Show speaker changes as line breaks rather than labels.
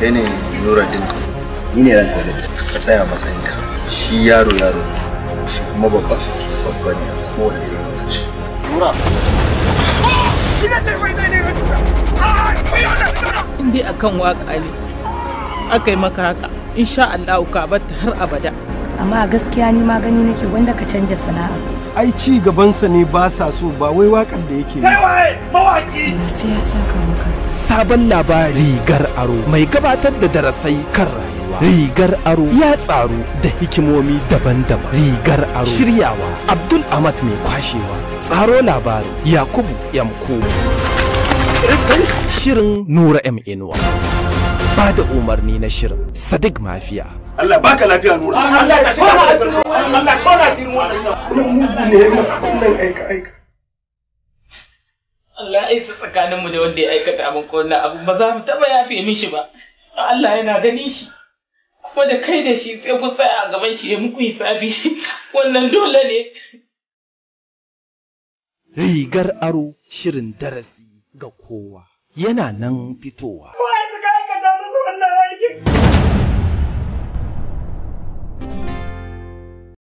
kai ne nuruddin ko ni ne ranka da ka tsaya matsayinka shi yaro yaro shi kuma babba babba ne a kowane irin lokaci nura in dai akan waka ne aka yi maka haka insha Allah ka bar ta har abada amma gaskiya ni ma gani nake wanda ka canja sana'a ai ci gabansa ne ba sa so ba wai wakar da yake mawaki masu ya saka maka sabon labari rigar aro mai gabatar da darasai kan rayuwa rigar aro ya tsaru da hikimomi daban-daban rigar aro shiryawa abdul ahmad mai kwashewa tsaro labarin yakubu Yamko. shirin nura m inuwa ba da umarni na shirin sadiq mafiya Allah baka lafiya nura Allah ya Allah neman wannan aika-aika. Allah ya isa tsakaninmu da wanda ya aikata abin ko abu ba za mu taɓa yafe mishi ba. Allah yana ganin shi. Kuma da kai da shi sai ku tsaya a gaban shi ya muku sabi Wannan dole ne. Rigar aro shirin darasi ga kowa yana nan fitowa.